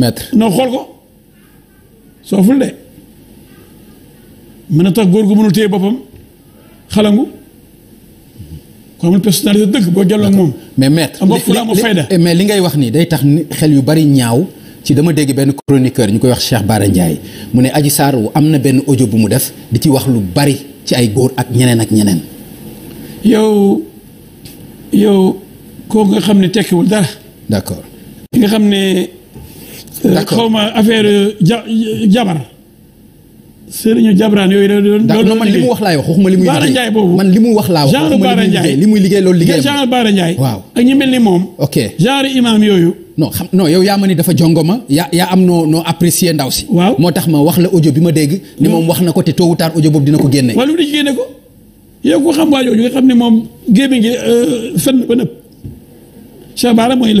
maître non xool ko sooful de mën na tax góor gu mënul téye boppam xalangu ko amul personnalité dëgg boo jàll ak moom. mais maître am fula am fayda mais li ngay wax nii day tax xel yu bari ñaaw. ci dama dégg benn chroniqueur ñu koy wax Cheikh Bara Ndiaye mu ne aji Adji Sarr am na benn audio bu mu def di ci wax lu bari ci ay góor ak ñeneen ak ñeneen. yow yow kooku nga xam ne tekkiwul dara. d'accord. nga xam ne Euh, xaw ma affaire euh, ja jabar sëriñu jabaraan yooyu la doon loolu man li mu wax laay wax waxuma li muy Baara Ndiaye boobu man li mu wax laa wax genre li muy liggéey loolu liggéey genre Baara Ndiaye waaw ak ñi mel ni moom ok genre imaam yooyu non xam non yow yaa ma ni dafa jongo ma yaa am noo apprécier ndaw si waaw moo tax ma wax la audio bi ma dégg ni moom wax na ko te tôt ou boobu dina ko génne wala di génne ko yow ko xam waa jooju nga xam ne moom gémmi gi euh, fenn ba nëpp Cheikh Baara mooy le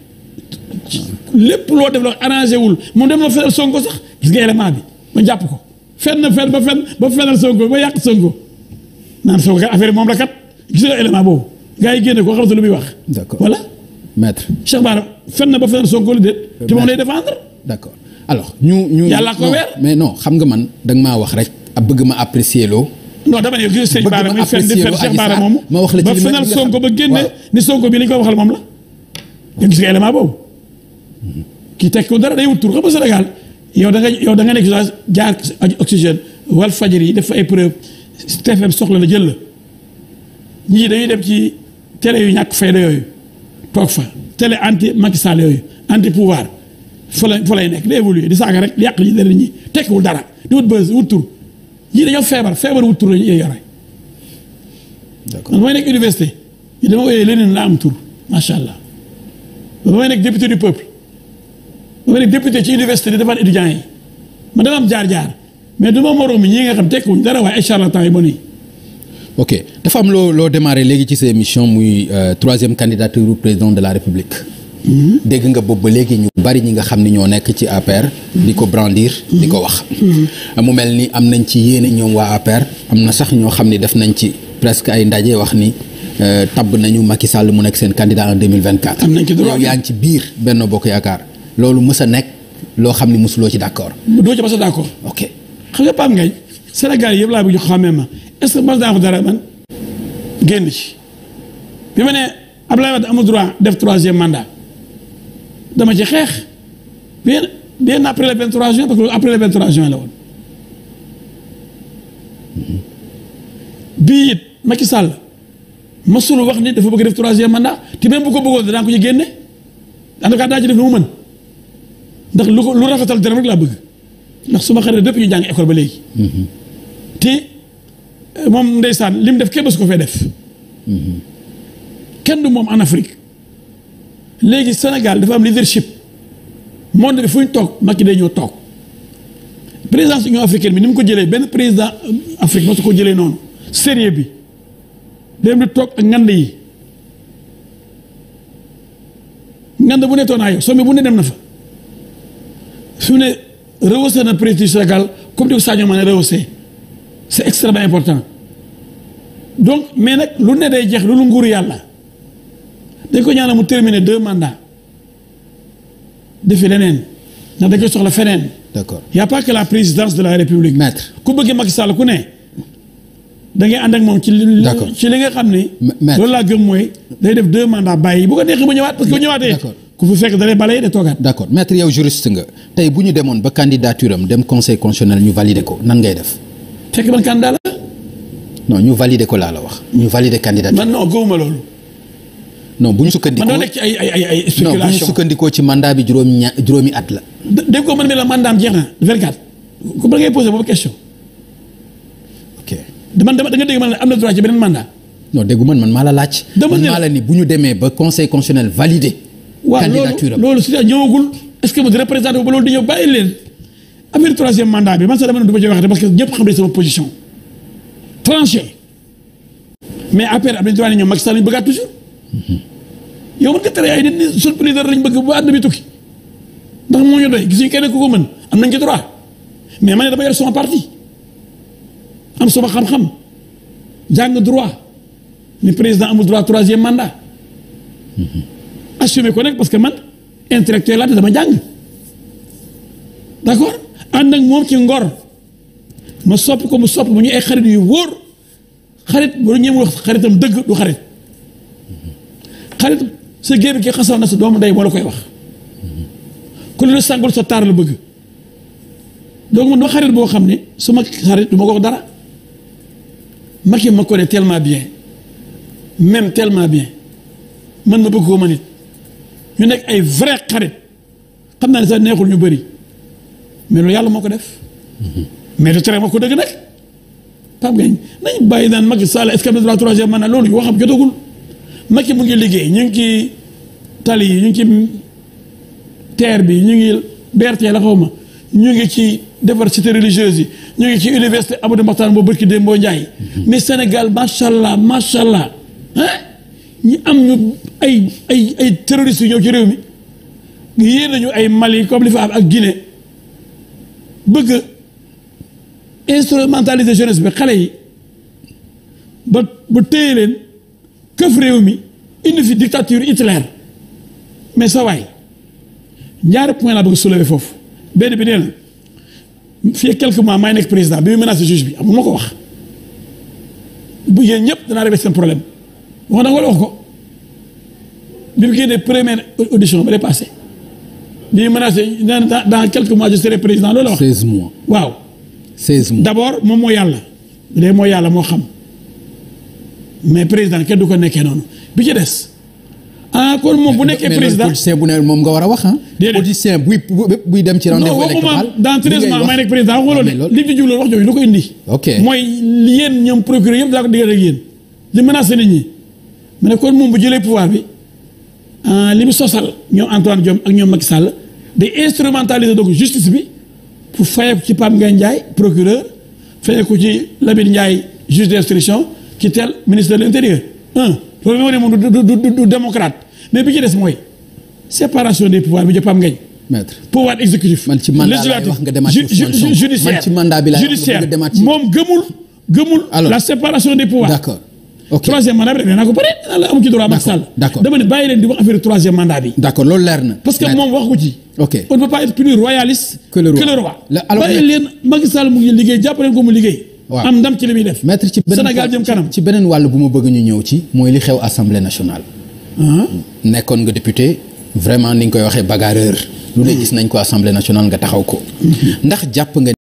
lépp loo def la arrangé wul mu dem la fenal Sonko sax gis nga élément bi jàpp ko fenn fenn ba fenn ba fenal Sonko ba yàq Sonko naan Sonko kat affaire moom la kat gis boobu gars yi génne ko xam sa lu muy wax. d'accord voilà. maître Cheikh Bara fenn ba fenal Sonko li déet. Euh, te moom lay défendre. alors ñu ñu. yàlla ko mais non xam nga man da maa wax rek. a bëgg ma apprécier loo. non dama ne gis sëñ Bara muy fenn di fenn Cheikh Bara moom. ma wax ba génne ni Sonko bi li ñu ko waxal moom la. nga gis nga élément boobu kii teg dara day wut tur xam nga Sénégal yow da nga yow da nga nekk jaar oxygène wal fajar yi def fa épreuve TFM soxla la jël la ñii dañuy dem ci télé yu ñàkk fayda yooyu toog fa télé anti Macky Sall yooyu anti pouvoir fa la fa lay nekk day évoluer di saaga rek di yàq ñi dara ñi tekkiwul dara di wut bës wut tur ñii dañoo feebar feebar wut tur lañu yore d'accord man mooy nekk université yi dama ooyee leneen la am tur macha allah man mooy nekk député du peuple ma ne député ci université di defar étudiants yi ma dama am jaar-jaar mais du ma moroom ñi nga xam tekkuñ dara waaye ay charlatan yi bon yi. dafa am loo loo démarré léegi ci sa émission muy euh, troisième candidature au président de la république. Mhm. dégg nga boobu ba léegi ñu bari ñi nga xam ni ñoo nekk ci APR. Mhm. di ko brandir. di mhm. ko wax. mu mel ni am nañ ci yéene ñoom waa APR am na sax ñoo xam ni def nañ ci presque ay ndaje wax ni euh, tabb nañu Macky Sall mu nekk seen candidat en 2024. am nañ ci droit yaa ngi ci biir benn Bokk Yaakaar. loolu mës a nekk loo xam ne mësuloo ci d' accord. doo ci mës a d' accord. ok xam nga Pape Ngagne Sénégal yëpp laa bëgg jox ma est ce que mës ko dara man génn ci bi ma nee Abdoulaye Wade amul def troisième mandat dama ci xeex bien bien le 23 juin parce que après le 23 juin la woon bii wax ni dafa bëgg def troisième mandat te même bu ko bëggoon danaa ko ci génne en tout cas daa ci def lu mu mën. ndax lu ko lu rafetal dara rek laa bëgg ndax suma xarit dëpp ñu jàng école ba léegi. Mhm. te euh, moom li mu def kenn su ko fee def. Mhm. kenn du moom en Afrique léegi Sénégal dafa am leadership monde bi fu ñu toog ki day ñoo toog présidence Union africaine bi ni mu ko jëlee benn président euh, Afrique ma su ko jëlee noonu sérieux bi dem di toog ak ngand yi ngand bu ne toon naa yow sommet bu ne dem na fa. su ne rehausser na prestige Sénégal comme ni ko Sadio Mané rehausser c' est extrêmement important donc mais nag lu ne day jeex lu lu nguuru yàlla dañ ko ñaanal mu terminer deux mandats defi leneen ndax dañ koy soxla feneen. d' accord la présidence de la république. maître ku bëggee Macky Sall ku ne da ngay ànd ak moom. ci li ci li nga xam ni. loolu laa gëm mooy day def deux mandats bàyyi bu ko neexee mu ñëwaat parce que bu ñëwaatee. ku fi fekk dalay balay de toogaat. d'accord maître yow juriste nga tey bu ñu demoon ba candidature am dem conseil constitutionnel ñu valider ko nan ngay def. fekk man candidat la. ñu valider ko laa la wax. ñu valider candidature man non gëwuma loolu. no bu ñu sukkandikoo man ci ay ay ay spéculation non bu ñu sukkandikoo ci mandaa bi juróomi ña juróomi at la. dé ko man mi la mandat jeex na 24. ku ba ngay posé boobu question. ok dama dama da nga dégg am na droit ci beneen mandat. non déggu man man maa la laaj. dama man maa ni bu ñu demee ba conseil validé. candidature am waaw loolu loolu si ñëwagul est ce que man représenté ba loolu di ñëw bàyyi leen affaire troisième mandat bi man sax dama ne du ma ci waxate parce que ñëpp xam ne sama position tranché mais après am nañu droit ne ñoom Macky Sall lañu toujours mhm. yow man nga tere ay nit ñi suñu président lañ bëgg bu àdduna bi ndax moo ñu gis ñu ku ko mën am nañ ci droit mais man ne dama yor sama parti am sama xam-xam jàng droit ni président amul droit troisième mandat. Mhm. assumé ko nag parce que man intellectuel laa te dama jàng d'accord ànd ak moom ci ngor ma sopp ko mu sopp mu ñu ay xarit yu wóor xarit bu ñëw wax xaritam dëgg du xarit xarit sa géer gi xasal na sa doomu ndey moo la koy wax ku la sàngul sa taar la bëgg donc man ma xarit boo xam ne su ma xarit du ma ko dara Macky ma connaît tellement bien même tellement bien man ma bëgg koo ma nit ñu nekk ay vrai xarit xam naa ne sa neexul ñu bëri mais loolu yàlla moo ko def mais du tere ma ko dëgg nag Pape Ngagne nañ bàyyi naan Macky Sall est-ce que am na droit troisième mandat loolu yoo xam jotagul Macky mu ngi liggéey ñu ngi ci tali yi ñu ngi ci terre bi ñu ngi BRT la xaw ma ñu ngi ci defar cité religieuse yi ñu ngi ci université Amadou Mahtar boo bërki Dembo njaay mhm. mais Sénégal macha allah macha allah ñi am ñu ay ay ay terroristes yu ñëw ci réew mi ngi yéen nañu ay Mali comme li fa am ak Guinée bëgg instrumentaliser jeunesse bi xale yi ba ba téye leen këf réew mi indi fi dictature Hitler mais sa waay ñaari point laa bëgg soulever foofu benn bi nee na fii quelques mois maay nekk président bi mu menacé juge bi amul ma ko wax bu yéen ñëpp danaa régler seen problème wax na nga wax ko bi mu génnee première audition ba dépassé bi menacé dans dans quelques mois je serai président loolu la wax. waaw. 16 d' abord moom moo yàlla léegi mooy yàlla moo xam mais président kenn du ko nekkee noonu bi ci des. ah kon moom bu nekkee président bu ne moom nga war a wax ah. déedéet politicien buy buy dem ci rendez-vous électoral dans treize mois may nekk président wax nga loolu li mu ci jublu wax lu ko indi. ok mooy yéen ñoom procureur yëpp daa ko digal ak yéen. di nit ñi mu ne kon moom bu jëlee pouvoir bi ah, li mu sosal ñoom Antoine Diome ak ñoom Macky Sall day instrumentaliser donc justice bi pour fayee ko ci Pape Ngagne Ndiaye procureur fayee ko ci Lamine Ndiaye juge d'instruction ci tel ministre de l'intérieur un ne moom du du démocrate mais bi ci des mooy séparation des pouvoirs bi jëpp Pape Ngagne maître pouvoir exécutif. man wax nga demaat judiciaire bi lay demaat judiciaire moom gëmul gëmul. la séparation des pouvoirs d'accord. ok troisième mandat bi rek nee naa ko pare amu ci droit Macky Sall. d'accord dama ne bàyyi leen di wax affaire troisième mandat bi. d'accord loolu leer na. parce que moom wax ko ci. ok on ne peut pas être plus royaliste. que le roi bàyyi leen Macky Sall mu ngi liggéey jàpp leen ko mu liggéey. am ndam ci li ci beneen wàll bu ma bëgg ñu ñëw ci. mooy li xew assemblée nationale. Ah. nekkoon nga député vraiment ni nga koy waxee bagarreur. lu ne hmm. gis nañ ko assemblée nationale nga taxaw ko. Hmm. ndax jàpp nga